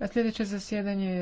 A Sljedeće zasjedanje